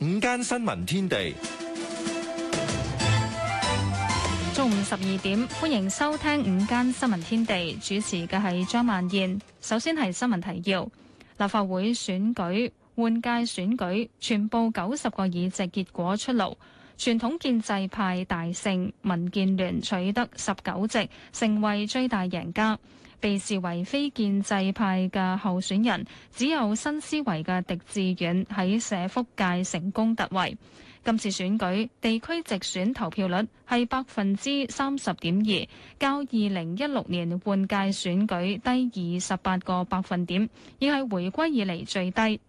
午間新聞天地，中午十二點歡迎收聽午間新聞天地，主持嘅係張曼燕。首先係新聞提要：立法會選舉換屆選舉，全部九十個議席結果出爐，傳統建制派大勝，民建聯取得十九席，成為最大贏家。被視為非建制派嘅候選人，只有新思維嘅狄志遠喺社福界成功突圍。今次選舉地區直選投票率係百分之三十點二，較二零一六年換屆選舉低二十八個百分點，亦係回歸以嚟最低。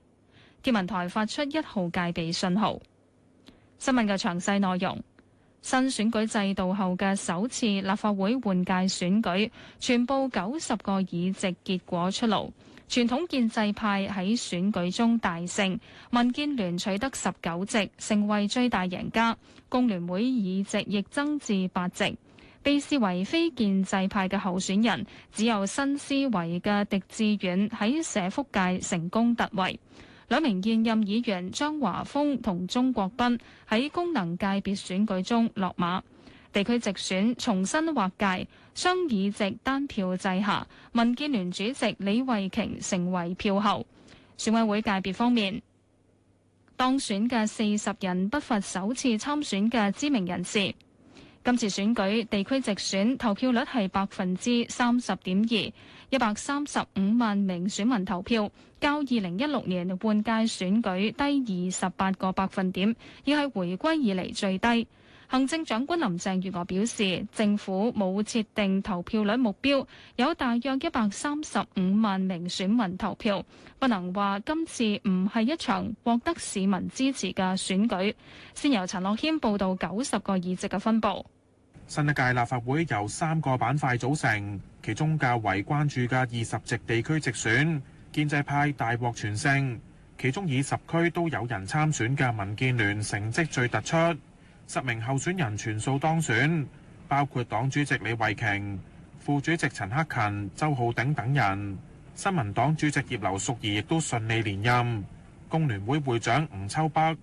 天文台發出一號戒備信號。新聞嘅詳細內容。新選舉制度後嘅首次立法會換屆選舉，全部九十個議席結果出爐。傳統建制派喺選舉中大勝，民建聯取得十九席，成為最大贏家。工聯會議席亦增至八席。被視為非建制派嘅候選人，只有新思維嘅狄志遠喺社福界成功突圍。兩名現任議員張華峰同鍾國斌喺功能界別選舉中落馬，地區直選重新劃界，雙議席單票制下，民建聯主席李慧瓊成為票后。選委會界別方面，當選嘅四十人不乏首次參選嘅知名人士。今次選舉地區直選投票率係百分之三十點二，一百三十五萬名選民投票，較二零一六年換屆選舉低二十八個百分點，亦係回歸以嚟最低。行政長官林鄭月娥表示，政府冇設定投票率目標，有大約一百三十五萬名選民投票，不能話今次唔係一場獲得市民支持嘅選舉。先由陳樂軒報道九十個議席嘅分佈。新一屆立法會由三個板塊組成，其中較為關注嘅二十席地區直選，建制派大獲全勝，其中以十區都有人參選嘅民建聯成績最突出。十名候選人全數當選，包括黨主席李慧瓊、副主席陳克勤、周浩鼎等人。新民黨主席葉劉淑儀亦都順利連任。工聯會會長吳秋北、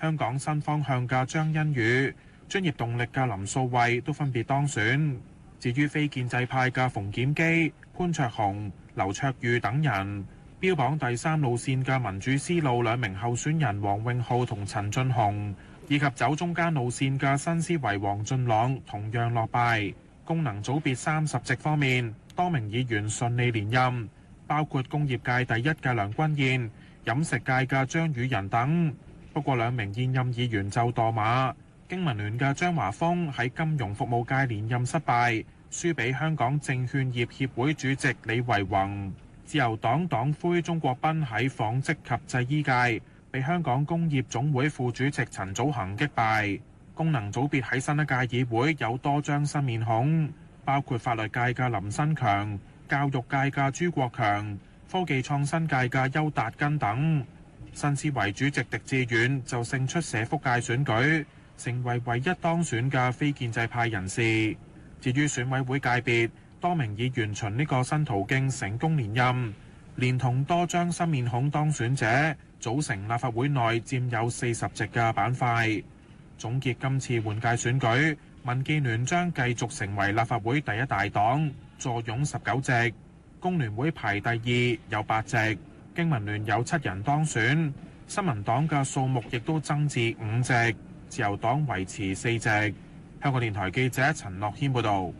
香港新方向嘅張欣宇、專業動力嘅林素慧都分別當選。至於非建制派嘅馮檢基、潘焯鴻、劉卓宇等人，標榜第三路線嘅民主思路，兩名候選人黃永浩同陳俊雄。以及走中間路線嘅新思維王俊朗同樣落敗。功能組別三十席方面，多名議員順利連任，包括工業界第一嘅梁君彥、飲食界嘅張宇人等。不過兩名現任議員就墮馬，經民聯嘅張華峰喺金融服務界連任失敗，輸俾香港證券業協會主席李維宏；自由黨黨魁鍾國斌喺紡織及製衣界。被香港工業總會副主席陳祖恒擊敗，功能組別喺新一屆議會有多張新面孔，包括法律界嘅林新強、教育界嘅朱國強、科技創新界嘅邱達根等。新思維主席狄志遠就勝出社福界選舉，成為唯一當選嘅非建制派人士。至於選委會界別，多名議員循呢個新途徑成功連任，連同多張新面孔當選者，組成立法會內佔有四十席嘅板塊。總結今次換屆選舉，民建聯將繼續成為立法會第一大黨，坐擁十九席。工聯會排第二，有八席。經民聯有七人當選，新民黨嘅數目亦都增至五席。自由黨維持四席。香港電台記者陳樂軒報導。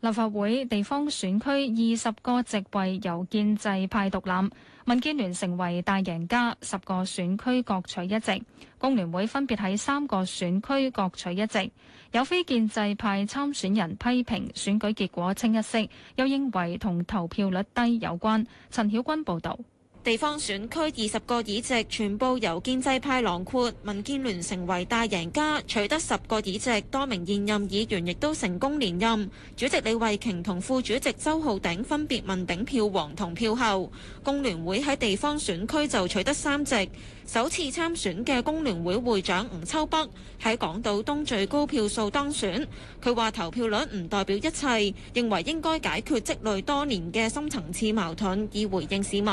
立法會地方選區二十個席位由建制派獨攬，民建聯成為大贏家，十個選區各取一席。工聯會分別喺三個選區各取一席。有非建制派參選人批評選，選舉結果清一色，又認為同投票率低有關。陳曉君報導。地方選區二十個議席全部由建制派囊括，民建聯成為大贏家，取得十個議席，多名現任議員亦都成功連任。主席李慧瓊同副主席周浩鼎分別問鼎票王同票后，工聯會喺地方選區就取得三席。首次參選嘅工聯會會長吳秋北喺港島東最高票數當選。佢話投票率唔代表一切，認為應該解決積累多年嘅深層次矛盾，以回應市民。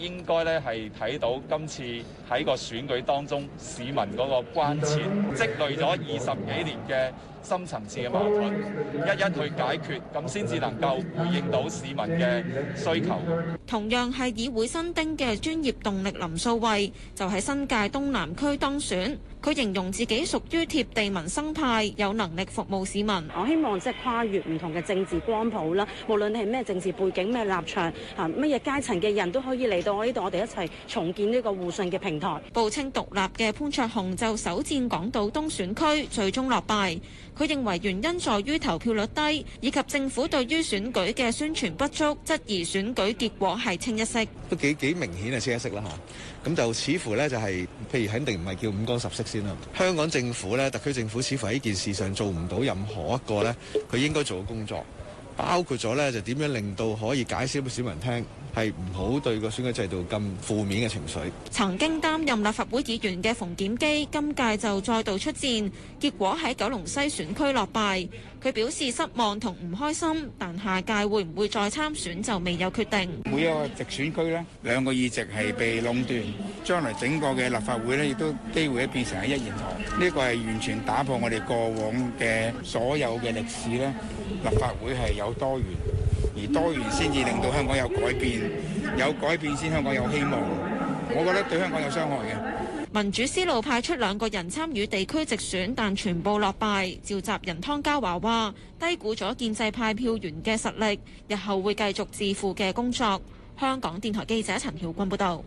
應該咧係睇到今次喺個選舉當中，市民嗰個關切，積累咗二十幾年嘅深層次嘅矛盾，一一去解決，咁先至能夠回應到市民嘅需求。同樣係議會新丁嘅專業動力林素蔚，就喺新界東南區當選。佢形容自己屬於貼地民生派，有能力服務市民。我希望即係跨越唔同嘅政治光譜啦，無論你係咩政治背景、咩立場啊、乜嘢階層嘅人都可以嚟到我呢度，我哋一齊重建呢個互信嘅平台。報稱獨立嘅潘焯鴻就首戰港島東選區，最終落敗。佢認為原因在於投票率低，以及政府對於選舉嘅宣傳不足，質疑選舉結果係清一色。都幾幾明顯係清一色啦嚇！咁、啊、就似乎呢，就係、是，譬如肯定唔係叫五光十色先啦。香港政府呢，特區政府似乎喺件事上做唔到任何一個呢，佢應該做嘅工作。包括咗咧，就點樣令到可以解釋俾市民聽，係唔好對個選舉制度咁負面嘅情緒。曾經擔任立法會議員嘅馮檢基，今屆就再度出戰，結果喺九龍西選區落敗。佢表示失望同唔開心，但下屆會唔會再參選就未有決定。每一個直選區咧，兩個議席係被壟斷，將來整個嘅立法會咧，亦都機會咧變成係一言堂。呢個係完全打破我哋過往嘅所有嘅歷史咧，立法會係有多元，而多元先至令到香港有改變，有改變先香港有希望。我覺得對香港有傷害嘅。民主思路派出兩個人參與地區直選，但全部落敗。召集人湯家驊話：低估咗建制派票源嘅實力，日後會繼續自負嘅工作。香港電台記者陳曉君報導。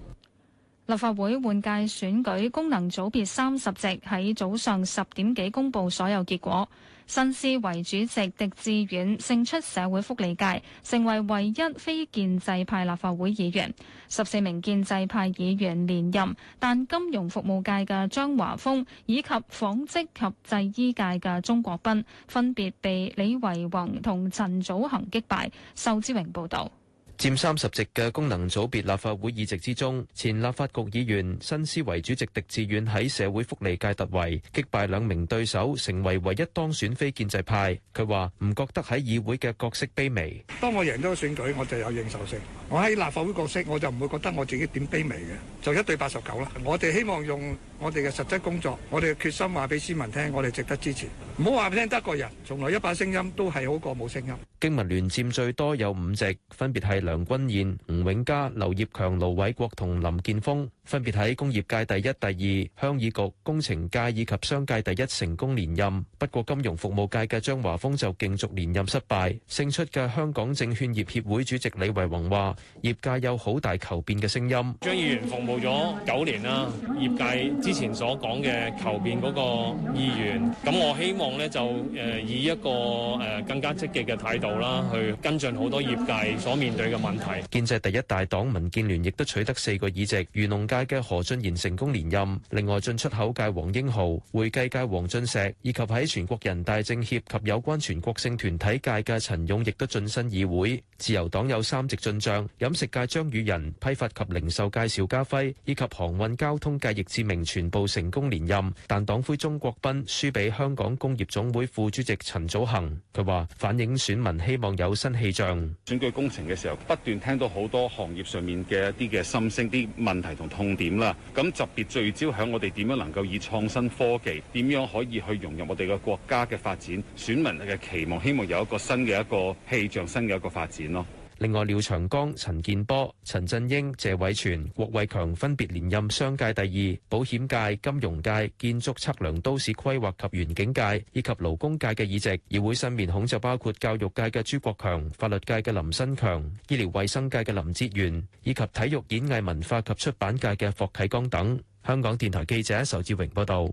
立法會換屆選舉功能組別三十席喺早上十點幾公佈所有結果，新思維主席遠，狄志遠勝出社會福利界，成為唯一非建制派立法會議員。十四名建制派議員連任，但金融服務界嘅張華峰以及紡織及製衣界嘅鍾國斌分別被李惟宏同陳祖恒擊敗。仇之榮報導。占三十席嘅功能組別立法會議席之中，前立法局議員、新思維主席狄志遠喺社會福利界突圍，擊敗兩名對手，成為唯一當選非建制派。佢話唔覺得喺議會嘅角色卑微。當我贏咗個選舉，我就有認受性。我喺立法會角色，我就唔會覺得我自己點卑微嘅，就一對八十九啦。我哋希望用。我哋嘅實質工作，我哋嘅決心話俾市民聽，我哋值得支持。唔好話俾聽德國人，從來一把聲音都係好過冇聲音。經民聯佔最多有五席，分別係梁君彥、吳永嘉、劉業強、盧偉國同林健鋒，分別喺工業界第一、第二、鄉議局工程界以及商界第一成功連任。不過金融服務界嘅張華峰就競逐連任失敗。勝出嘅香港證券業協會主席李惟宏話：業界有好大求變嘅聲音。張議員服務咗九年啦，業界。之前所講嘅求變嗰個意願，咁我希望呢就誒以一個誒更加積極嘅態度啦，去跟進好多業界所面對嘅問題。建制第一大黨民建聯亦都取得四個議席，漁農界嘅何俊賢成功連任，另外進出口界黃英豪、會計界黃俊石以及喺全國人大政協及有關全國性團體界嘅陳勇，亦都晉身議會。自由黨有三席進帳，飲食界張宇仁、批發及零售界邵家輝以及航運交通界易志明。全部成功連任，但黨魁鍾國斌輸俾香港工業總會副主席陳祖恆，佢話反映選民希望有新氣象。選舉工程嘅時候，不斷聽到好多行業上面嘅一啲嘅心聲、啲問題同痛點啦。咁特別聚焦響我哋點樣能夠以創新科技，點樣可以去融入我哋嘅國家嘅發展。選民嘅期望希望有一個新嘅一個氣象、新嘅一個發展咯。另外，廖長江、陳健波、陳振英、謝偉全、郭偉強分別連任商界第二、保險界、金融界、建築測量都市規劃及園景界以及勞工界嘅議席。議會新面孔就包括教育界嘅朱國強、法律界嘅林新強、醫療衛生界嘅林哲元，以及體育演藝文化及出版界嘅霍啟剛等。香港電台記者仇志榮報道。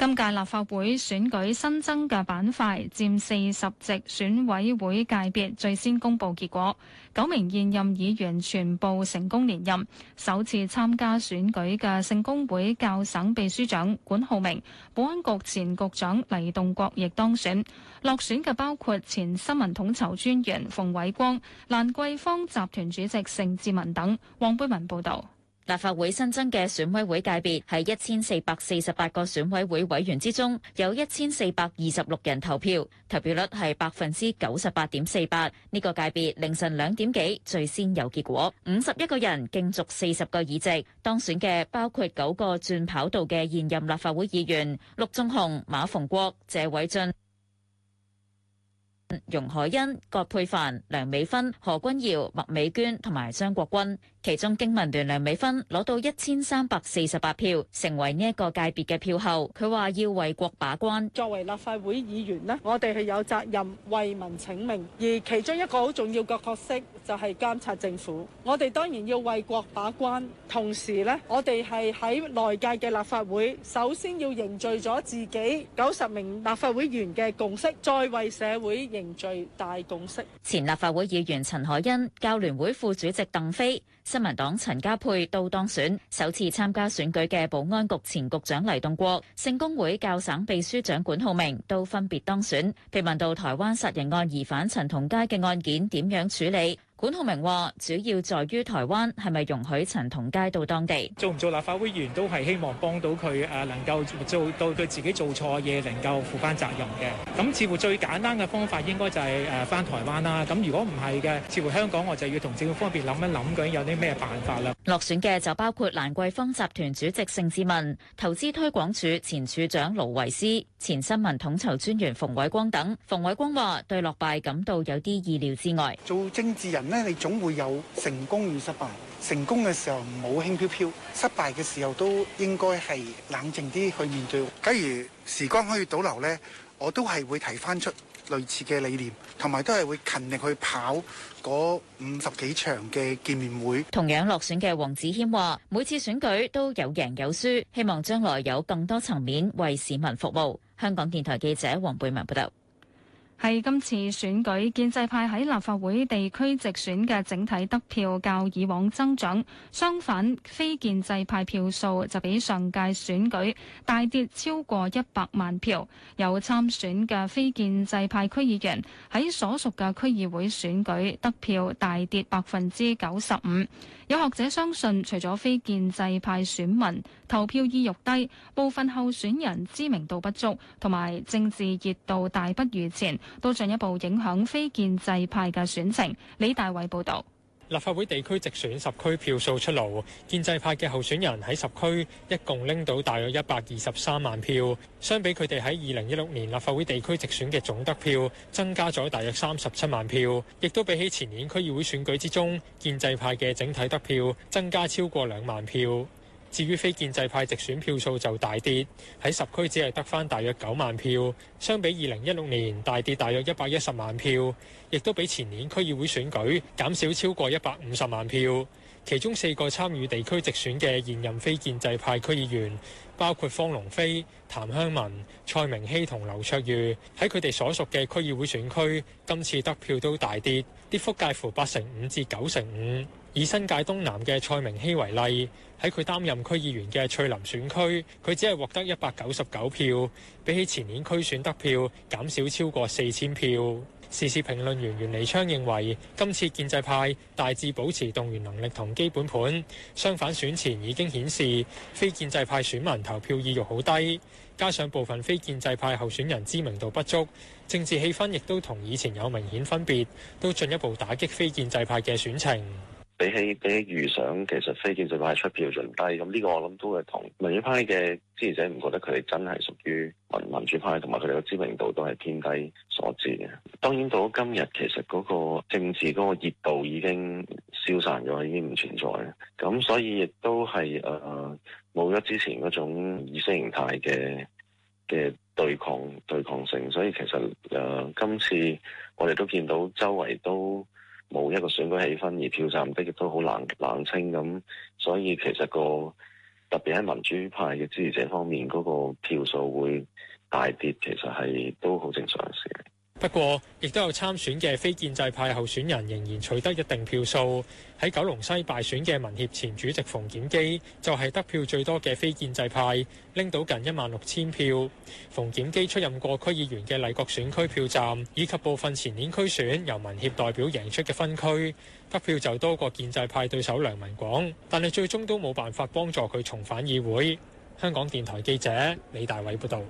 今屆立法會選舉新增嘅板塊佔四十席，選委會界別最先公布結果。九名現任議員全部成功連任。首次參加選舉嘅聖公會教省秘書長管浩明、保安局前局長黎棟國亦當選。落選嘅包括前新聞統籌專員馮偉光、蘭桂坊集團主席盛智文等。黃貝文報導。立法會新增嘅選委會界別，喺一千四百四十八個選委會委員之中，有一千四百二十六人投票，投票率係百分之九十八點四八。呢、這個界別凌晨兩點幾最先有結果，五十一個人競逐四十個議席，當選嘅包括九個轉跑道嘅現任立法會議員：陸頌雄、馬逢國、謝偉俊。容海恩、葛佩帆、梁美芬、何君堯、麥美娟、最大共識。前立法會議員陳海欣、教聯會副主席鄧飛，新民黨陳家佩都當選。首次參加選舉嘅保安局前局長黎棟國，聖公會教省秘書長管浩明都分別當選。被問到台灣殺人案疑犯陳同佳嘅案件點樣處理？管浩明話主要在於台灣係咪容許陳同佳到當地？做唔做立法會議員都係希望幫到佢，誒能夠做到佢自己做錯嘢，能夠負翻責任嘅。咁似乎最簡單嘅方法應該就係誒翻台灣啦。咁如果唔係嘅，似乎香港我就要同政府方面諗一諗究竟有啲咩辦法啦。落選嘅就包括蘭桂坊集團主席盛智文、投資推廣署前署長盧維斯、前新聞統籌專員馮偉光等。馮偉光話對落敗感到有啲意料之外。做政治人。咧，你總會有成功與失敗。成功嘅時候唔好輕飄飄，失敗嘅時候都應該係冷靜啲去面對。假如時光可以倒流呢，我都係會提翻出類似嘅理念，同埋都係會勤力去跑嗰五十幾場嘅見面會。同樣落選嘅黃子謙話：每次選舉都有贏有輸，希望將來有更多層面為市民服務。香港電台記者黃貝文報道。係今次選舉，建制派喺立法會地區直選嘅整體得票較以往增長，相反非建制派票數就比上屆選舉大跌超過一百萬票。有參選嘅非建制派區議員喺所屬嘅區議會選舉得票大跌百分之九十五。有學者相信，除咗非建制派選民投票意欲低，部分候選人知名度不足，同埋政治熱度大不如前，都進一步影響非建制派嘅選情。李大偉報導。立法會地區直選十區票數出爐，建制派嘅候選人喺十區一共拎到大約一百二十三萬票，相比佢哋喺二零一六年立法會地區直選嘅總得票，增加咗大約三十七萬票，亦都比起前年區議會選舉之中，建制派嘅整體得票增加超過兩萬票。至於非建制派直選票數就大跌，喺十區只係得返大約九萬票，相比二零一六年大跌大約一百一十萬票，亦都比前年區議會選舉減少超過一百五十萬票。其中四個參與地區直選嘅現任非建制派區議員，包括方龍飛、譚香文、蔡明熙同劉卓瑜，喺佢哋所屬嘅區議會選區，今次得票都大跌，跌幅介乎八成五至九成五。以新界東南嘅蔡明禧為例，喺佢擔任區議員嘅翠林選區，佢只係獲得一百九十九票，比起前年區選得票減少超過四千票。時事評論員袁彌昌認為，今次建制派大致保持動員能力同基本盤，相反選前已經顯示，非建制派選民投票意欲好低，加上部分非建制派候選人知名度不足，政治氣氛亦都同以前有明顯分別，都進一步打擊非建制派嘅選情。比起比起預想，其實非建制派出票仲低，咁呢個我諗都係同民主派嘅支持者唔覺得佢哋真係屬於民民主派，同埋佢哋嘅知名度都係偏低所致嘅。當然到今日，其實嗰個政治嗰個熱度已經消散咗，已經唔存在。咁所以亦都係誒冇咗之前嗰種意識形態嘅嘅對抗對抗性。所以其實誒、呃、今次我哋都見到周圍都。冇一個選舉氣氛，而票站的亦都好冷冷清咁，所以其實個特別喺民主派嘅支持者方面，嗰個票數會大跌，其實係都好正常嘅事。不過，亦都有參選嘅非建制派候選人仍然取得一定票數。喺九龍西敗選嘅民協前主席馮檢基就係得票最多嘅非建制派，拎到近一萬六千票。馮檢基出任過區議員嘅麗閣選區票站，以及部分前年區選由民協代表贏出嘅分區，得票就多過建制派對手梁文廣，但係最終都冇辦法幫助佢重返議會。香港電台記者李大偉報導。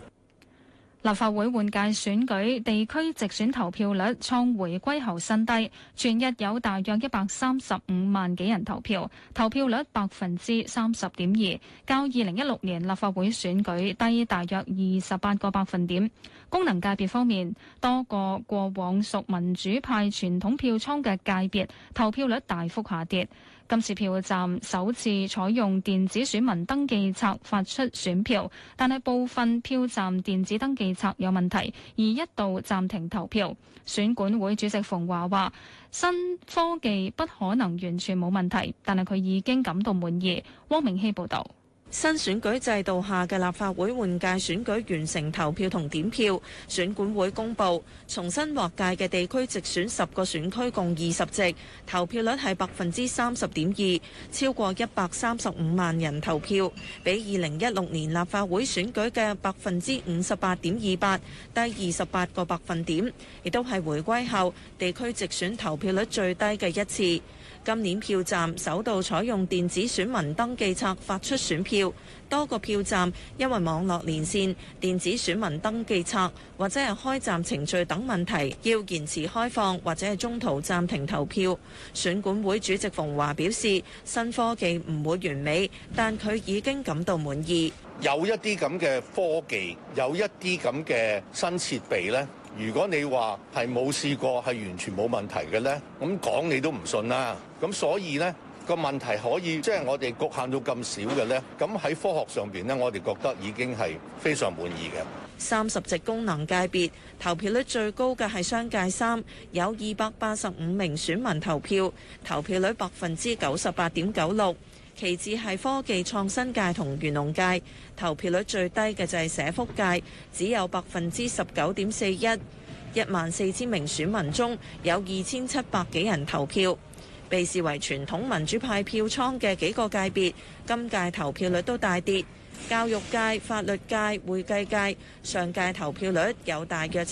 立法會換屆選舉地區直選投票率創回歸後新低，全日有大約一百三十五萬幾人投票，投票率百分之三十點二，較二零一六年立法會選舉低大約二十八個百分點。功能界別方面，多個過往屬民主派傳統票倉嘅界別，投票率大幅下跌。今次票站首次採用電子選民登記冊發出選票，但係部分票站電子登記冊有問題，而一度暫停投票。選管會主席馮華話：新科技不可能完全冇問題，但係佢已經感到滿意。汪明希報道。新選舉制度下嘅立法會換屆選舉完成投票同點票，選管會公佈，重新劃界嘅地區直選十個選區共二十席，投票率係百分之三十點二，超過一百三十五萬人投票，比二零一六年立法會選舉嘅百分之五十八點二八低二十八個百分點，亦都係回歸後地區直選投票率最低嘅一次。今年票站首度採用電子選民登記冊發出選票，多個票站因為網絡連線電子選民登記冊或者係開站程序等問題要延遲開放或者係中途暫停投票。選管會主席馮華表示：新科技唔會完美，但佢已經感到滿意。有一啲咁嘅科技，有一啲咁嘅新設備咧。如果你話係冇試過係完全冇問題嘅呢，咁講你都唔信啦。咁所以呢個問題可以即係我哋局限到咁少嘅呢。咁喺科學上邊呢，我哋覺得已經係非常滿意嘅。三十席功能界別投票率最高嘅係商界三，有二百八十五名選民投票，投票率百分之九十八點九六。其次係科技創新界同漁農界，投票率最低嘅就係社福界，只有百分之十九點四一。一萬四千名選民中有二千七百幾人投票，被視為傳統民主派票倉嘅幾個界別，今屆投票率都大跌。教育界、法律界、會計界上屆投票率有大約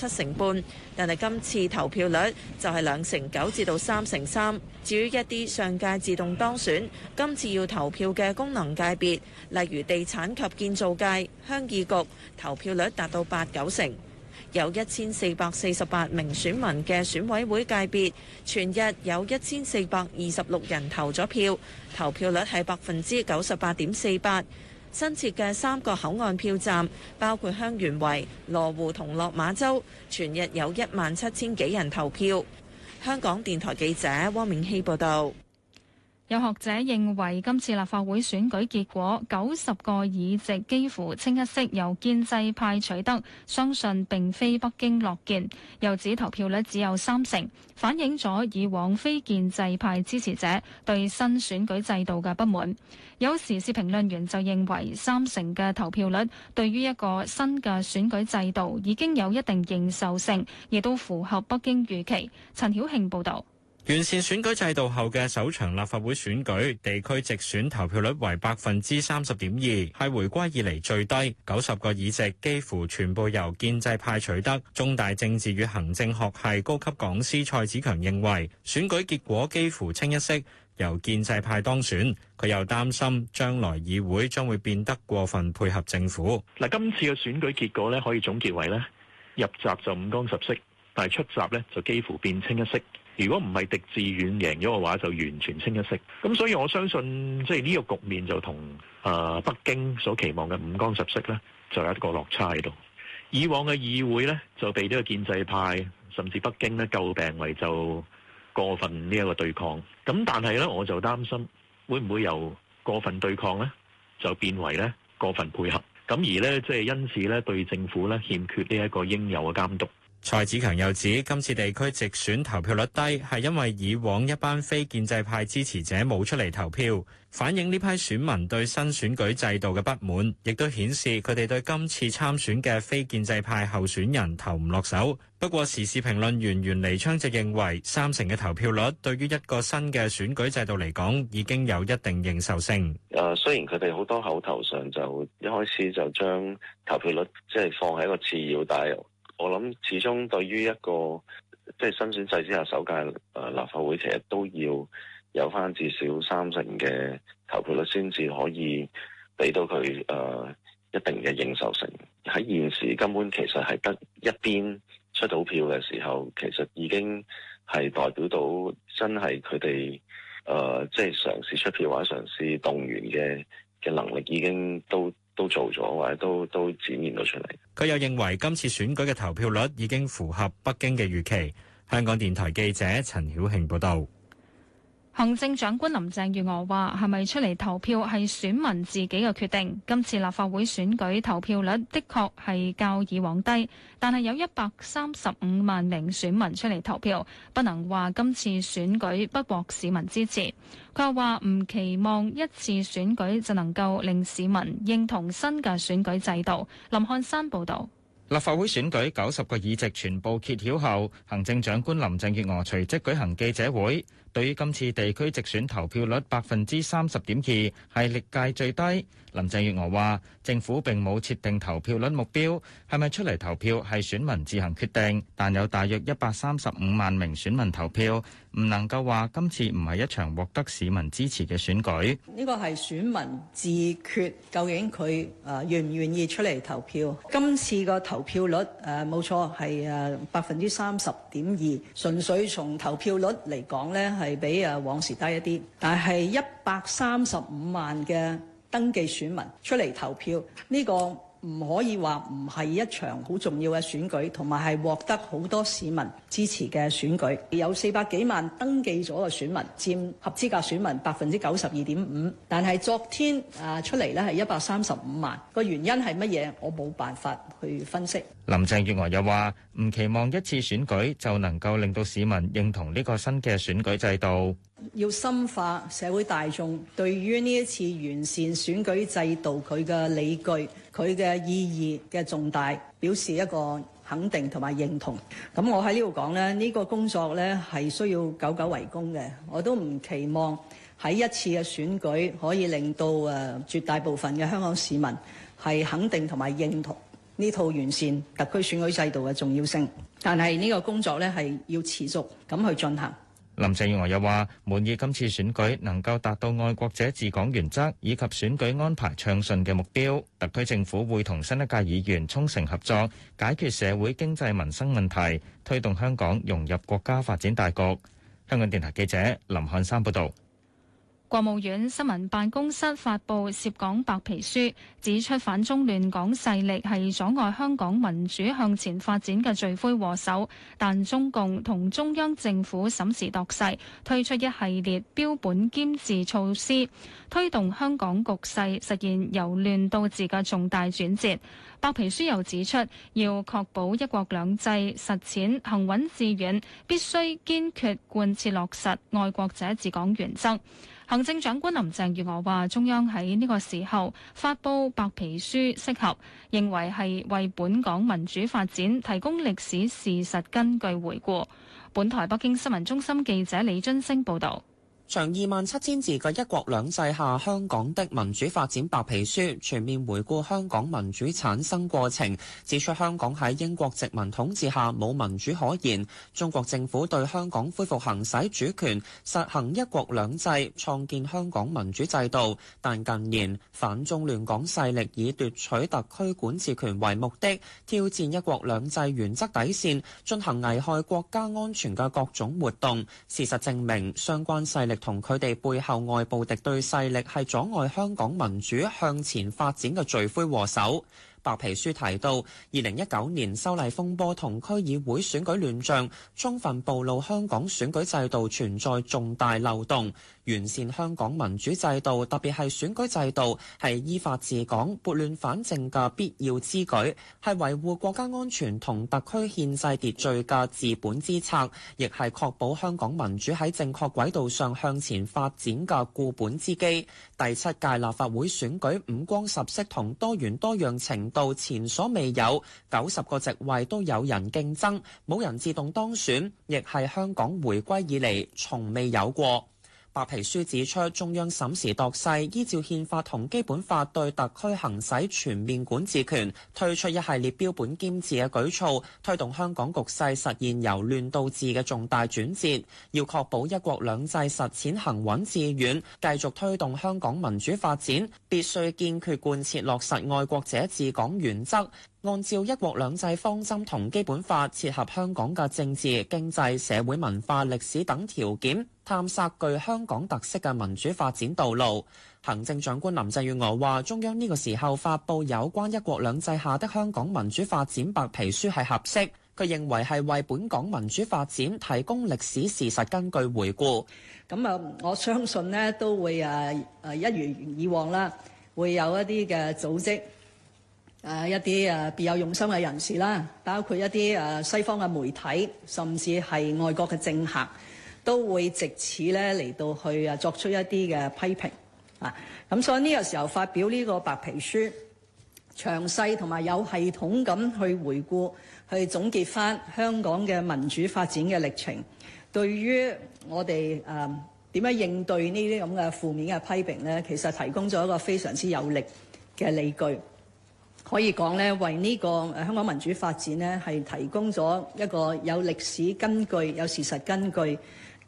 新設嘅三個口岸票站，包括香園圍、羅湖同落馬洲，全日有一萬七千幾人投票。香港電台記者汪明希報道。有學者認為今次立法會選舉結果，九十個議席幾乎清一色由建制派取得，相信並非北京樂見。又指投票率只有三成，反映咗以往非建制派支持者對新選舉制度嘅不滿。有時事評論員就認為三成嘅投票率對於一個新嘅選舉制度已經有一定認受性，亦都符合北京預期。陳曉慶報導。完善選舉制度後嘅首場立法會選舉，地區直選投票率為百分之三十點二，係回歸以嚟最低。九十個議席幾乎全部由建制派取得。中大政治與行政學系高級講師蔡子強認為，選舉結果幾乎清一色，由建制派當選。佢又擔心將來議會將會變得過分配合政府。嗱，今次嘅選舉結果咧，可以總結為咧，入閘就五光十色，但係出閘咧就幾乎變清一色。如果唔係狄志遠贏咗嘅話，就完全清一色。咁所以我相信，即係呢個局面就同誒、呃、北京所期望嘅五光十色呢，就有一個落差喺度。以往嘅議會呢，就被呢個建制派甚至北京呢詬病為就過分呢一個對抗。咁但係呢，我就擔心會唔會由過分對抗呢，就變為呢過分配合，咁而呢，即、就、係、是、因此呢，對政府呢欠缺呢一個應有嘅監督。蔡子強又指，今次地區直選投票率低，係因為以往一班非建制派支持者冇出嚟投票，反映呢批選民對新選舉制度嘅不滿，亦都顯示佢哋對今次參選嘅非建制派候選人投唔落手。不過，時事評論員袁彌昌就認為，三成嘅投票率對於一個新嘅選舉制度嚟講，已經有一定認受性。誒，雖然佢哋好多口頭上就一開始就將投票率即係、就是、放喺一個次要帶。我諗始終對於一個即係新選制之下首屆、呃、立法會，其實都要有翻至少三成嘅投票率先至可以俾到佢誒、呃、一定嘅認受性。喺現時根本其實係得一邊出到票嘅時候，其實已經係代表到真係佢哋誒即係嘗試出票或者嘗試動員嘅嘅能力已經都。都做咗，或者都都展現咗出嚟。佢又認為今次選舉嘅投票率已經符合北京嘅預期。香港電台記者陳曉慶報道。行政長官林鄭月娥話，係咪出嚟投票係選民自己嘅決定？今次立法會選舉投票率的確係較以往低，但係有一百三十五萬名選民出嚟投票，不能話今次選舉不獲市民支持。佢又話唔期望一次選舉就能夠令市民認同新嘅選舉制度。林漢山報導。立法會選舉九十個議席全部揭曉後，行政長官林鄭月娥隨即舉行記者會。對於今次地區直選投票率百分之三十點二係歷屆最低。林鄭月娥話：政府並冇設定投票率目標，係咪出嚟投票係選民自行決定？但有大約一百三十五萬名選民投票，唔能夠話今次唔係一場獲得市民支持嘅選舉。呢個係選民自決，究竟佢誒願唔願意出嚟投票。今次個投票率誒冇錯係誒百分之三十點二，純粹從投票率嚟講呢。係比啊往時低一啲，但係一百三十五萬嘅登記選民出嚟投票，呢個唔可以話唔係一場好重要嘅選舉，同埋係獲得好多市民支持嘅選舉。有四百幾萬登記咗嘅選民，佔合資格選民百分之九十二點五。但係昨天啊出嚟咧係一百三十五萬，個原因係乜嘢？我冇辦法去分析。林鄭月娥又話。唔期望一次選舉就能夠令到市民認同呢個新嘅選舉制度。要深化社會大眾對於呢一次完善選舉制度佢嘅理據，佢嘅意義嘅重大表示一個肯定同埋認同。咁我喺呢度講咧，呢個工作咧係需要久久為功嘅。我都唔期望喺一次嘅選舉可以令到誒絕大部分嘅香港市民係肯定同埋認同。呢套完善特區選舉制度嘅重要性，但係呢個工作咧係要持續咁去進行。林鄭月娥又話：滿意今次選舉能夠達到愛國者治港原則以及選舉安排暢順嘅目標，特區政府會同新一屆議員衷誠合作，解決社會經濟民生問題，推動香港融入國家發展大局。香港電台記者林漢山報道。國務院新聞辦公室發布涉港白皮書指出，反中亂港勢力係阻礙香港民主向前發展嘅罪魁禍首，但中共同中央政府審時度勢推出一系列標本兼治措施，推動香港局勢實現由亂到治嘅重大轉折。白皮書又指出，要確保一國兩制實踐行穩致遠，必須堅決貫徹落實愛國者治港原則。行政長官林鄭月娥話：中央喺呢個時候發布白皮書，適合認為係為本港民主發展提供歷史事實根據回顧。本台北京新聞中心記者李津升報導。長二萬七千字嘅《一國兩制下香港的民主發展白皮書》全面回顧香港民主產生過程，指出香港喺英國殖民統治下冇民主可言。中國政府對香港恢復行使主權、實行一國兩制、創建香港民主制度，但近年反中亂港勢力以奪取特區管治權為目的，挑戰一國兩制原則底線，進行危害國家安全嘅各種活動。事實證明，相關勢力同佢哋背後外部敵對勢力係阻礙香港民主向前發展嘅罪魁禍首。白皮書提到，二零一九年修例風波同區議會選舉亂象，充分暴露香港選舉制度存在重大漏洞。完善香港民主制度，特別係選舉制度，係依法治港、撥亂反正嘅必要之舉，係維護國家安全同特區憲制秩序嘅治本之策，亦係確保香港民主喺正確軌道上向前發展嘅固本之基。第七屆立法會選舉五光十色同多元多樣程度前所未有，九十個席位都有人競爭，冇人自動當選，亦係香港回歸以嚟從未有過。白皮書指出，中央審時度勢，依照憲法同基本法對特區行使全面管治權，推出一系列標本兼治嘅舉措，推動香港局勢實現由亂到治嘅重大轉折。要確保一國兩制實踐行穩致遠，繼續推動香港民主發展，必須堅決貫徹落實愛國者治港原則。按照一國兩制方針同基本法，切合香港嘅政治、經濟、社會、文化、歷史等條件，探索具香港特色嘅民主發展道路。行政長官林鄭月娥話：中央呢個時候發布有關一國兩制下的香港民主發展白皮書係合適。佢認為係為本港民主發展提供歷史事實根據，回顧。咁啊，我相信呢都會誒誒一如以往啦，會有一啲嘅組織。誒一啲誒別有用心嘅人士啦，包括一啲誒西方嘅媒體，甚至係外國嘅政客，都會藉此咧嚟到去啊作出一啲嘅批評啊。咁所以呢個時候發表呢個白皮書，詳細同埋有系統咁去回顧，去總結翻香港嘅民主發展嘅歷程，對於我哋誒點樣應對這這樣呢啲咁嘅負面嘅批評咧，其實提供咗一個非常之有力嘅理據。可以講呢為呢、呢個、呃、香港民主發展呢係提供咗一個有歷史根據、有事實根據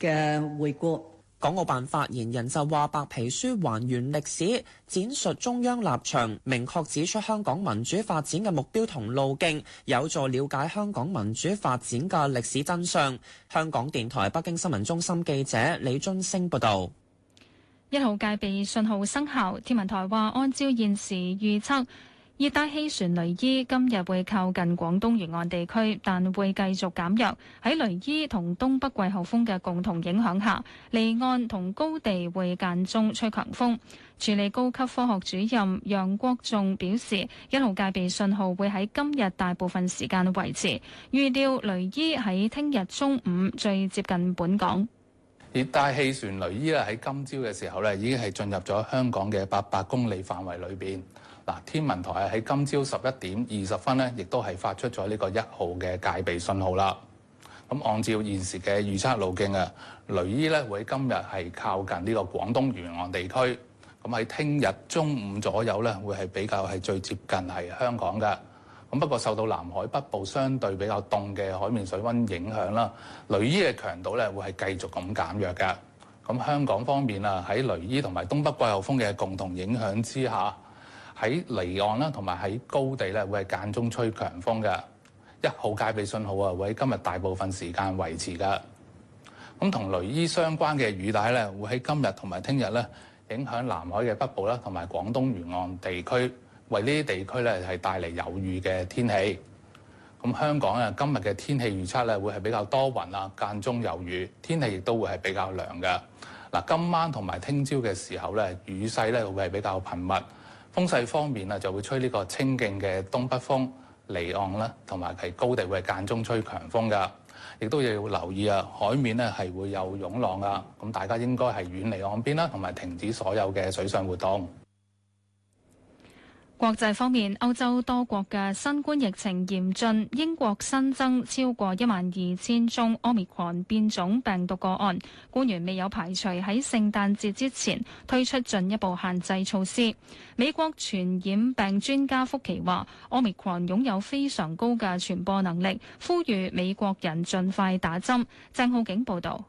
嘅回顧。港澳辦發言人就話：白皮書還原歷史，展述中央立場，明確指出香港民主發展嘅目標同路徑，有助了解香港民主發展嘅歷史真相。香港電台北京新聞中心記者李津星報道：「一號戒備信號生效，天文台話：按照現時預測。熱帶氣旋雷伊今日會靠近廣東沿岸地區，但會繼續減弱。喺雷伊同東北季候風嘅共同影響下，離岸同高地會間中吹強風。署理高級科學主任楊國仲表示，一號戒備信號會喺今日大部分時間維持。預料雷伊喺聽日中午最接近本港。熱帶氣旋雷伊咧喺今朝嘅時候咧已經係進入咗香港嘅八百公里範圍裏邊。天文台喺今朝十一點二十分咧，亦都係發出咗呢個一號嘅戒備信號啦。咁按照現時嘅預測路徑啊，雷伊咧會喺今日係靠近呢個廣東沿岸地區。咁喺聽日中午左右咧，會係比較係最接近係香港㗎。咁不過受到南海北部相對比較凍嘅海面水溫影響啦，雷伊嘅強度咧會係繼續咁減弱㗎。咁香港方面啊，喺雷伊同埋東北季候風嘅共同影響之下，喺離岸啦，同埋喺高地咧，會係間中吹強風㗎。一號戒備信號啊，會喺今日大部分時間維持噶。咁同雷伊相關嘅雨帶咧，會喺今日同埋聽日咧影響南海嘅北部啦，同埋廣東沿岸地區，為呢啲地區咧係帶嚟有雨嘅天氣。咁香港啊，今日嘅天氣預測咧會係比較多雲啊，間中有雨，天氣亦都會係比較涼噶。嗱，今晚同埋聽朝嘅時候咧，雨勢咧會係比較頻密。風勢方面啊，就會吹呢個清勁嘅東北風離岸啦，同埋係高地會間中吹強風㗎，亦都要留意啊，海面咧係會有湧浪啊，咁大家應該係遠離岸邊啦，同埋停止所有嘅水上活動。國際方面，歐洲多國嘅新冠疫情嚴峻，英國新增超過一萬二千宗 Omicron 變種病毒個案，官員未有排除喺聖誕節之前推出進一步限制措施。美國傳染病專家福奇話，Omicron 擁有非常高嘅傳播能力，呼籲美國人盡快打針。鄭浩景報導。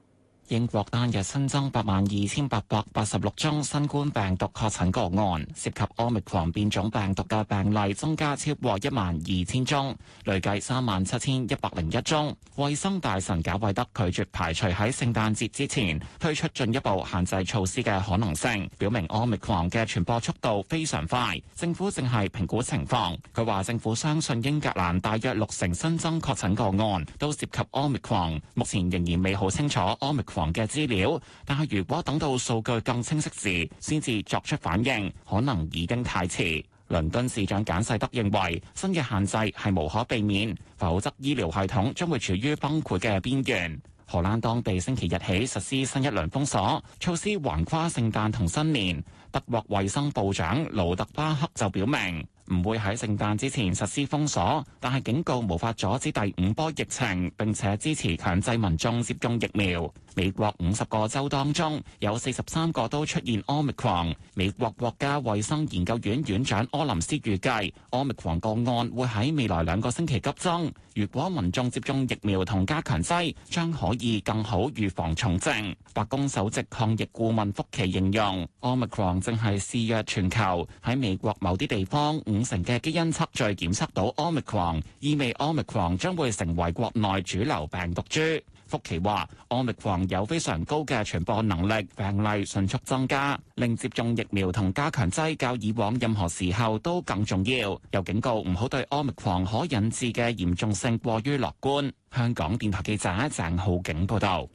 英國單日新增八萬二千八百八十六宗新冠病毒確診個案，涉及 Omicron 變種病毒嘅病例增加超過一萬二千宗，累計三萬七千一百零一宗。衛生大臣賈維德拒絕排除喺聖誕節之前推出進一步限制措施嘅可能性，表明 Omicron 嘅傳播速度非常快。政府正係評估情況。佢話政府相信英格蘭大約六成新增確診個案都涉及 Omicron，目前仍然未好清楚奧密克嘅資料，但係如果等到數據更清晰時，先至作出反應，可能已經太遲。倫敦市長簡世德認為，新嘅限制係無可避免，否則醫療系統將會處於崩潰嘅邊緣。荷蘭當地星期日起實施新一輪封鎖，措施橫跨聖誕同新年。德國衞生部長魯特巴克就表明：唔會喺聖誕之前實施封鎖，但係警告無法阻止第五波疫情，並且支持強制民眾接種疫苗。美國五十個州當中有四十三個都出現 Omicron。美國國家衛生研究院院長柯林斯預計，Omicron 個案會喺未來兩個星期急增。如果民眾接種疫苗同加強劑，將可以更好預防重症。白宮首席抗疫顧問福奇形容，Omicron 正係肆虐全球，喺美國某啲地方成嘅基因測序檢測到奧密克戎，意味奧密克戎將會成為國內主流病毒株。福奇話：奧密克戎有非常高嘅傳播能力，病例迅速增加，令接種疫苗同加強劑較以往任何時候都更重要。又警告唔好對奧密克戎可引致嘅嚴重性過於樂觀。香港電台記者鄭浩景報道。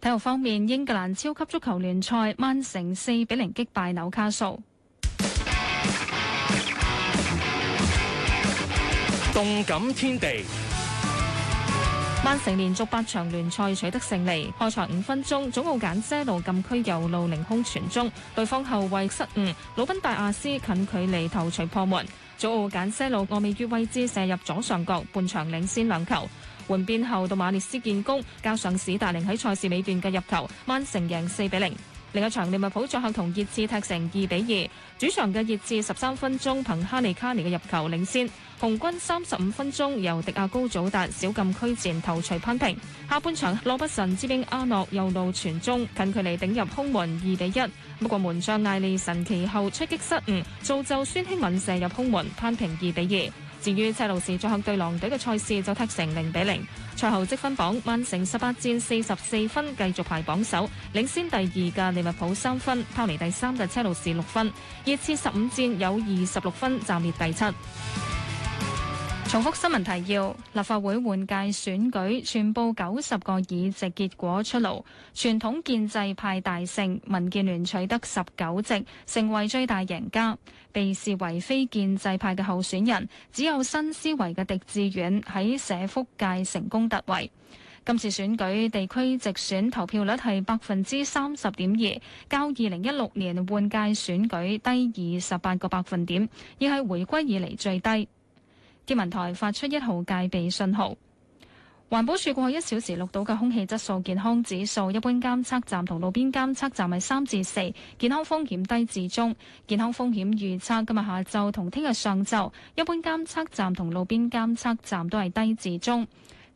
體育方面，英格蘭超級足球聯賽曼城四比零擊敗紐卡素。動感天地，曼城連續八場聯賽取得勝利。開賽五分鐘，祖奧簡西路禁區右路凌空傳中，對方後衛失誤，魯賓大亞斯近距離頭槌破門。祖奧簡西路外位於位置射入左上角，半場領先兩球。換邊後，到馬列斯建功，加上史達寧喺賽事尾段嘅入球，曼城贏四比零。另一場，利物浦作客同熱刺踢成二比二，主場嘅熱刺十三分鐘憑哈尼卡尼嘅入球領先，紅軍三十五分鐘由迪亞高祖達小禁區前頭槌扳平。下半場羅布臣之兵阿諾右路傳中，近距離頂入空門，二比一。不過門將艾利神奇後出擊失誤，造就孫興敏射入空門扳平二比二。至於車路士作客對狼隊嘅賽事就踢成零比零，賽後積分榜曼城十八戰四十四分繼續排榜首，領先第二嘅利物浦三分，拋離第三嘅車路士六分，熱刺十五戰有二十六分，暫列第七。重複新聞提要：立法會換屆選舉全部九十個議席結果出爐，傳統建制派大勝，民建聯取得十九席，成為最大贏家。被視為非建制派嘅候選人，只有新思維嘅狄志遠喺社福界成功突圍。今次選舉地區直選投票率係百分之三十點二，較二零一六年換屆選舉低二十八個百分點，亦係回歸以嚟最低。天文台發出一號戒備信號。環保署過去一小時錄到嘅空氣質素健康指數，一般監測站同路邊監測站係三至四，健康風險低至中。健康風險預測今日下晝同聽日上晝，一般監測站同路邊監測站都係低至中。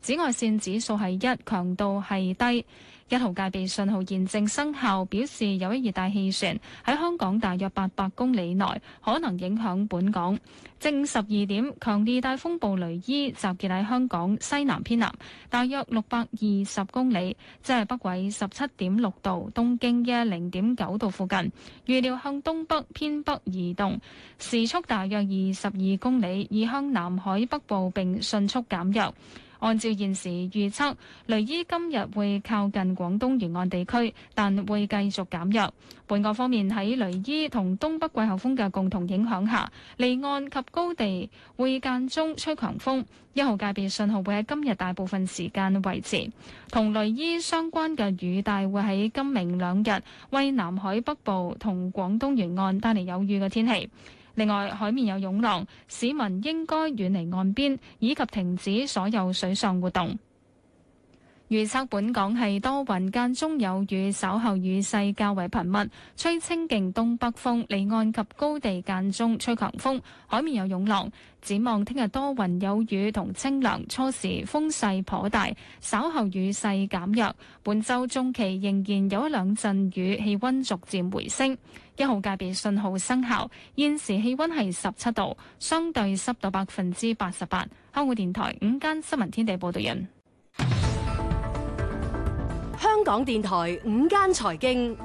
紫外線指數係一，強度係低。一號戒備信號現正生效，表示有一熱帶氣旋喺香港大約八百公里內可能影響本港。正午十二點，強烈熱帶風暴雷伊集結喺香港西南偏南，大約六百二十公里，即係北緯十七點六度、東經嘅零點九度附近。預料向東北偏北移動，時速大約二十二公里，移向南海北部並迅速減弱。按照現時預測，雷伊今日會靠近廣東沿岸地區，但會繼續減弱。本港方面，喺雷伊同東北季候風嘅共同影響下，離岸及高地會間中會吹強風，一號戒備信號會喺今日大部分時間維持。同雷伊相關嘅雨帶會喺今明兩日為南海北部同廣東沿岸帶嚟有雨嘅天氣。另外，海面有湧浪，市民應該遠離岸邊以及停止所有水上活動。預測本港係多雲間中有雨，稍後雨勢較為頻密，吹清勁東北風，離岸及高地間中吹強風，海面有湧浪。展望聽日多雲有雨同清涼，初時風勢頗大，稍後雨勢減弱。本週中期仍然有一兩陣雨，氣温逐漸回升。一號戒備信號生效，現時氣温係十七度，相對濕度百分之八十八。香港電台午間新聞天地報道完。香港電台五間財經，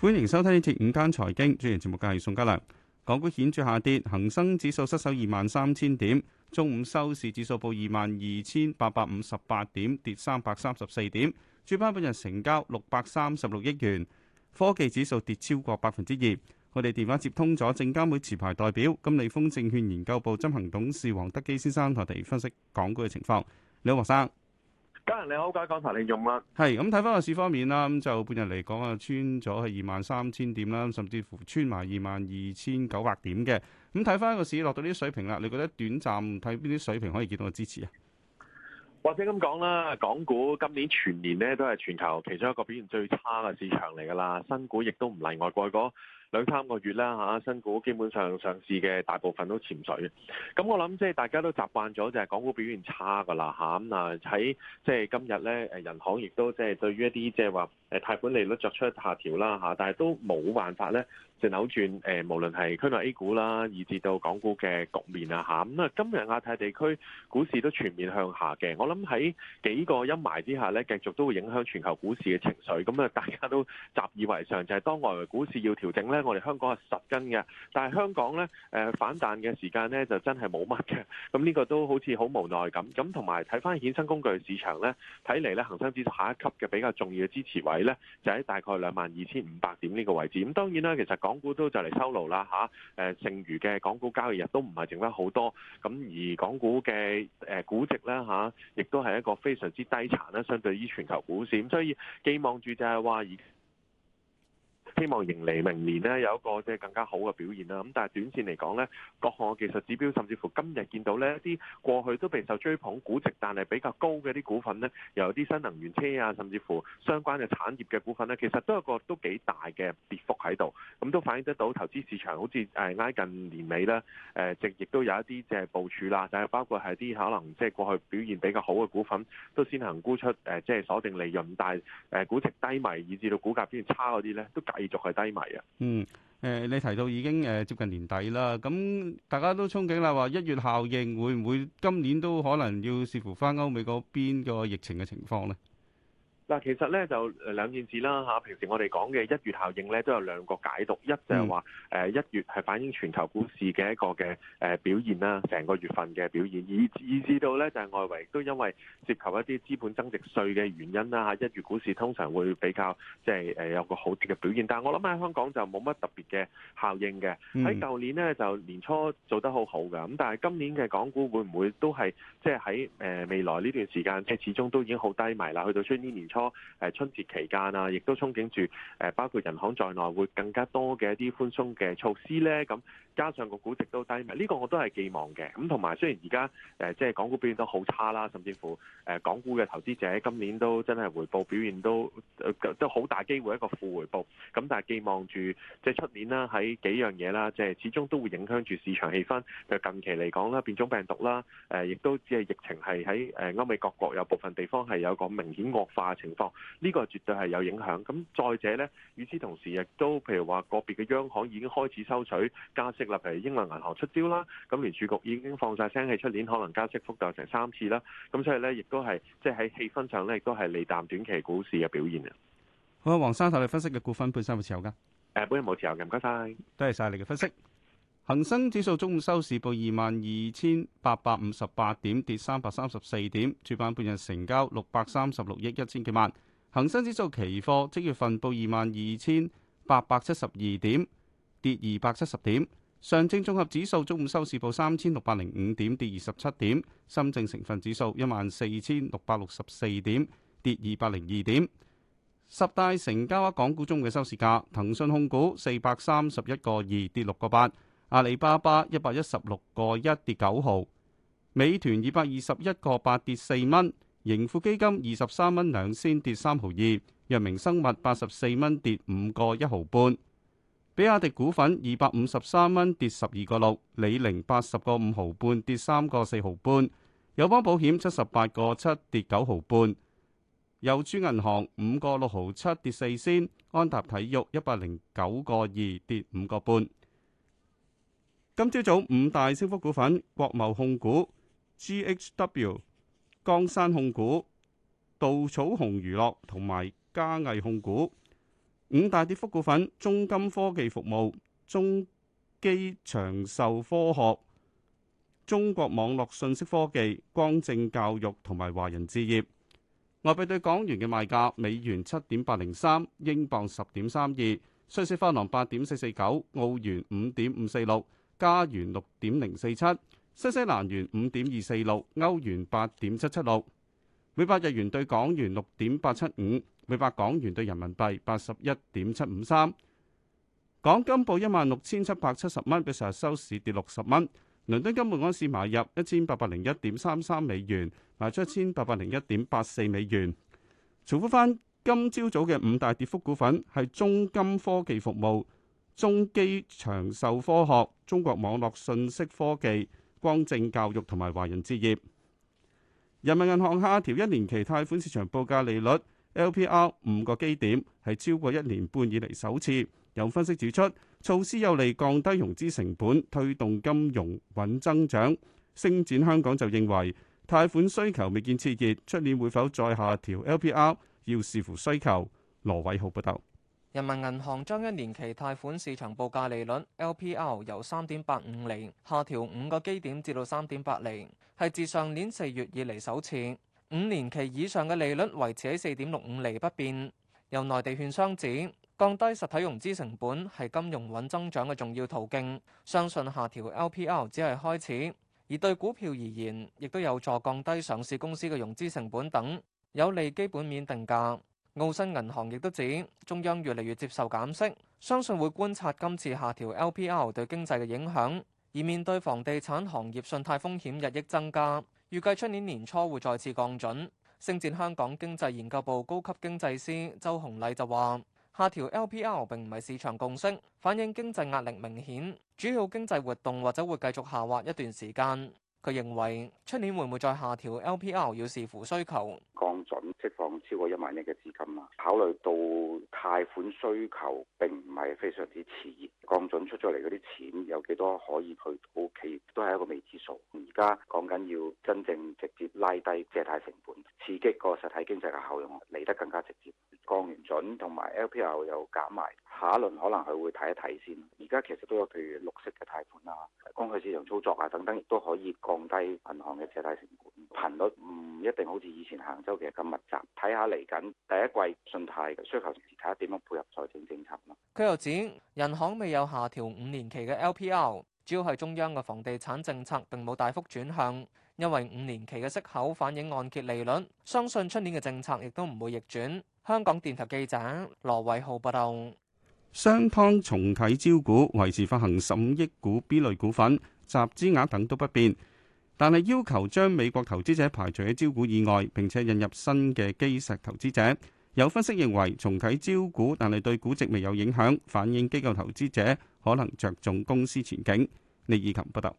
歡迎收聽呢節《五間財經》。主持節目嘅係宋嘉良。港股顯著下跌，恒生指數失守二萬三千點。中午收市指數報二萬二千八百五十八點，跌三百三十四點。主板本日成交六百三十六億元，科技指數跌超過百分之二。我哋電話接通咗證監會持牌代表金利豐證券研究部執行董事黃德基先生，同我哋分析港股嘅情況。你好，黃生。家人你好，家剛才你用啦。係咁睇翻個市方面啦，咁就半日嚟講啊，穿咗係二萬三千點啦，甚至乎穿埋二萬二千九百點嘅。咁睇翻個市落到呢啲水平啦，你覺得短暫睇邊啲水平可以見到個支持啊？或者咁講啦，港股今年全年呢都係全球其中一個表現最差嘅市場嚟噶啦，新股亦都唔例外國，過去兩三個月啦嚇，新股基本上上市嘅大部分都潛水，咁我諗即係大家都習慣咗就係港股表現差㗎啦嚇，咁啊，喺即係今日咧誒人行亦都即係對於一啲即係話誒貸款利率作出下調啦嚇，但係都冇辦法咧。成扭轉，誒，無論係區內 A 股啦，以至到港股嘅局面啊，嚇，咁啊，今日亞太地區股市都全面向下嘅。我諗喺幾個陰霾之下咧，繼續都會影響全球股市嘅情緒。咁啊，大家都習以為常，就係當外圍股市要調整咧，我哋香港係實跟嘅，但係香港咧，誒反彈嘅時間咧，就真係冇乜嘅。咁呢個都好似好無奈咁。咁同埋睇翻衍生工具市場咧，睇嚟咧，恒生指數下一級嘅比較重要嘅支持位咧，就喺大概兩萬二千五百點呢個位置。咁當然啦，其實講。港股都就嚟收爐啦，吓誒，剩餘嘅港股交易日都唔係剩得好多，咁而港股嘅誒估值咧吓亦都係一個非常之低殘啦，相對於全球股市，咁所以寄望住就係話。而。希望迎嚟明年呢，有一個即係更加好嘅表現啦。咁但係短線嚟講呢，各項技術指標甚至乎今日見到呢一啲過去都備受追捧估值，但係比較高嘅啲股份呢，又有啲新能源車啊，甚至乎相關嘅產業嘅股份呢，其實都有個都幾大嘅跌幅喺度。咁都反映得到投資市場好似誒挨近年尾啦，誒亦亦都有一啲即係部署啦，就係、是、包括係啲可能即係過去表現比較好嘅股份都先行沽出誒，即係鎖定利潤。但係誒估值低迷，以至到股價變差嗰啲呢。都繼續係低迷啊！嗯，誒、呃，你提到已經誒、呃、接近年底啦，咁大家都憧憬啦，話一月效應會唔會今年都可能要視乎返歐美嗰邊個疫情嘅情況咧？嗱，其實咧就兩件事啦嚇。平時我哋講嘅一月效應咧，都有兩個解讀。一就係話誒一月係反映全球股市嘅一個嘅誒表現啦，成個月份嘅表現。以以至到咧就係、是、外圍都因為涉及一啲資本增值稅嘅原因啦嚇、啊，一月股市通常會比較即係誒有個好嘅表現。但係我諗喺香港就冇乜特別嘅效應嘅。喺舊、嗯、年咧就年初做得好好㗎，咁但係今年嘅港股會唔會都係即係喺誒未來呢段時間即係始終都已經好低迷啦，去到出年年初。多春節期間啊，亦都憧憬住誒包括人行在內會更加多嘅一啲寬鬆嘅措施咧。咁加上個股值都低迷，呢、這個我都係寄望嘅。咁同埋雖然而家誒即係港股表現得好差啦，甚至乎誒港股嘅投資者今年都真係回報表現都都好大機會一個負回報，咁但係寄望住即係出年啦，喺幾樣嘢啦,即係始終都會影響住市場氣氛。就近期嚟講啦，變種病毒啦，誒亦都只係疫情係喺誒歐美各國有部分地方係有個明顯惡化嘅情。情況呢個絕對係有影響。咁再者呢，與此同時亦都，譬如話個別嘅央行已經開始收取加息啦，譬如英倫銀行出招啦，咁聯儲局已經放晒聲氣出年可能加息幅度成三次啦。咁所以呢，亦都係即係喺氣氛上呢，亦都係利淡短期股市嘅表現啊。好啊，黃生，睇你分析嘅股份，本身有冇持有噶？誒，本身冇持有嘅，唔該晒。多謝晒你嘅分析。恆生指數中午收市報二萬二千八百五十八點，跌三百三十四點。主板半日成交六百三十六億一千幾萬。恆生指數期貨即月份報二萬二千八百七十二點，跌二百七十點。上證綜合指數中午收市報三千六百零五點，跌二十七點。深證成分指數一萬四千六百六十四點，跌二百零二點。十大成交額港股中嘅收市價，騰訊控股四百三十一個二，跌六個八。阿里巴巴一百一十六個一跌九毫，美團二百二十一個八跌四蚊，盈富基金二十三蚊兩仙跌三毫二，藥明生物八十四蚊跌五個一毫半，比亞迪股份二百五十三蚊跌十二個六，李寧八十個五毫半跌三個四毫半，友邦保險七十八個七跌九毫半，郵儲銀行五個六毫七跌四仙，安踏體育一百零九個二跌五個半。今朝早，早五大升幅股份：國貿控股、G.H.W、江山控股、稻草熊娛樂同埋嘉藝控股；五大跌幅股份：中金科技服務、中基長壽科學、中國網絡信息科技、光正教育同埋華人置業。外幣對港元嘅賣價：美元七點八零三，英鎊十點三二，瑞士法郎八點四四九，澳元五點五四六。加元六點零四七，新西蘭元五點二四六，歐元八點七七六，每百日元對港元六點八七五，每百港元對人民幣八十一點七五三。港金報一萬六千七百七十蚊，比上日收市跌六十蚊。倫敦金每安士買入一千八百零一點三三美元，賣出一千八百零一點八四美元。重複翻今朝早嘅五大跌幅股份係中金科技服務。中基長壽科學、中國網絡信息科技、光正教育同埋華人置業。人民銀行下調一年期貸款市場報價利率 LPR 五個基點，係超過一年半以嚟首次。有分析指出，措施有利降低融資成本，推動金融穩增長。星展香港就認為，貸款需求未見熾熱，出年會否再下調 LPR，要視乎需求。羅偉浩報道。人民銀行將一年期貸款市場報價利率 LPR 由三點八五厘下調五個基點至到三點八厘，係自上年四月以嚟首次。五年期以上嘅利率維持喺四點六五厘不變。由內地券商指，降低實體融資成本係金融穩增長嘅重要途徑，相信下調 LPR 只係開始。而對股票而言，亦都有助降低上市公司嘅融資成本等，有利基本面定價。澳新銀行亦都指，中央越嚟越接受減息，相信會觀察今次下調 LPR 對經濟嘅影響，而面對房地產行業信貸風險日益增加，預計出年年初會再次降準。星展香港經濟研究部高級經濟師周紅麗就話，下調 LPR 並唔係市場共識，反映經濟壓力明顯，主要經濟活動或者會繼續下滑一段時間。佢認為出年會唔會再下調 LPR，要視乎需求降準釋放。超過一萬億嘅資金啦，考慮到貸款需求並唔係非常之熾，降準出咗嚟嗰啲錢有幾多可以去到企業，都係一個未知數。而家講緊要真正直接拉低借貸成本，刺激個實體經濟嘅效用，嚟得更加直接。降完準同埋 LPR 又減埋，下一輪可能佢會睇一睇先。而家其實都有譬如綠色嘅貸款啦、公開市場操作啊等等，亦都可以降低銀行嘅借貸成本。頻率唔一定好似以前行州嘅咁密集，睇下嚟緊第一季信貸嘅需求，睇下點樣配合財政政策咯。佢又指人行未有下調五年期嘅 LPR，主要係中央嘅房地產政策並冇大幅轉向，因為五年期嘅息口反映按揭利率，相信出年嘅政策亦都唔會逆轉。香港電台記者羅偉浩報道。商湯重啟招股，維持發行十五億股 B 類股份，集資額等都不變。但係要求將美國投資者排除喺招股以外，並且引入新嘅基石投資者。有分析認為，重啟招股，但係對估值未有影響，反映機構投資者可能着重公司前景。李以琴報道。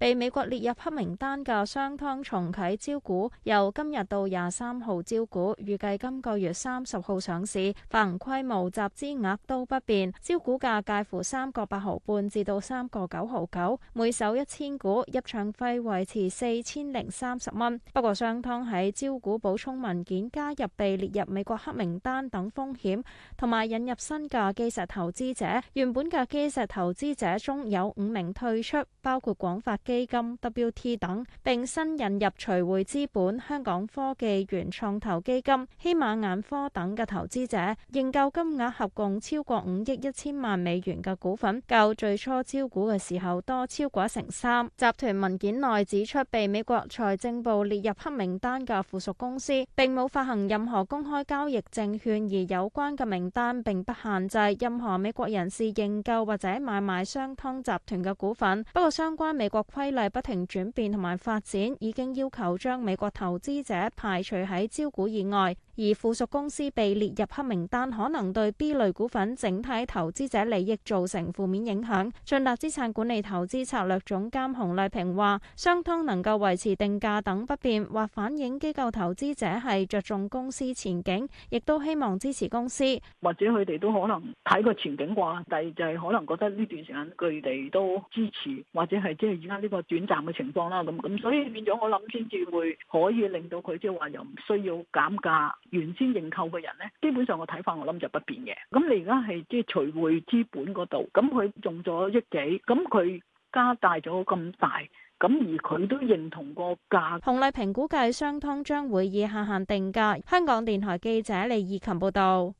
被美國列入黑名單嘅商湯重啟招股，由今日到廿三號招股，預計今個月三十號上市，發行規模集資額都不變，招股價介乎三個八毫半至到三個九毫九，每手一千股，入場費維持四千零三十蚊。不過商湯喺招股補充文件加入被列入美國黑名單等風險，同埋引入新嘅基石投資者，原本嘅基石投資者中有五名退出，包括廣發基金、W.T. 等，並新引入徐匯資本、香港科技原創投基金、希瑪眼科等嘅投資者認購金額合共超過五億一千萬美元嘅股份，較最初招股嘅時候多超過一成三。集團文件內指出，被美國財政部列入黑名單嘅附屬公司，並冇發行任何公開交易證券，而有關嘅名單並不限制任何美國人士認購或者買賣商湯集團嘅股份。不過相關美國規例不停轉變同埋發展，已經要求將美國投資者排除喺招股以外。而附屬公司被列入黑名單，可能對 B 類股份整體投資者利益造成負面影響。晉達資產管理投資策略總監洪麗萍話，商湯能夠維持定價等不變，或反映機構投資者係着重公司前景，亦都希望支持公司。或者佢哋都可能睇個前景啩，但係就係可能覺得呢段時間佢哋都支持，或者係即係而家呢個短暫嘅情況啦。咁咁，所以變咗我諗先至會可以令到佢即係話又唔需要減價。原先認購嘅人呢，基本上個睇法我諗就不變嘅。咁你而家係即係除匯資本嗰度，咁佢中咗億幾，咁佢加大咗咁大，咁而佢都認同個價。洪麗萍估計商湯將會以下限定價。香港電台記者李義琴報道。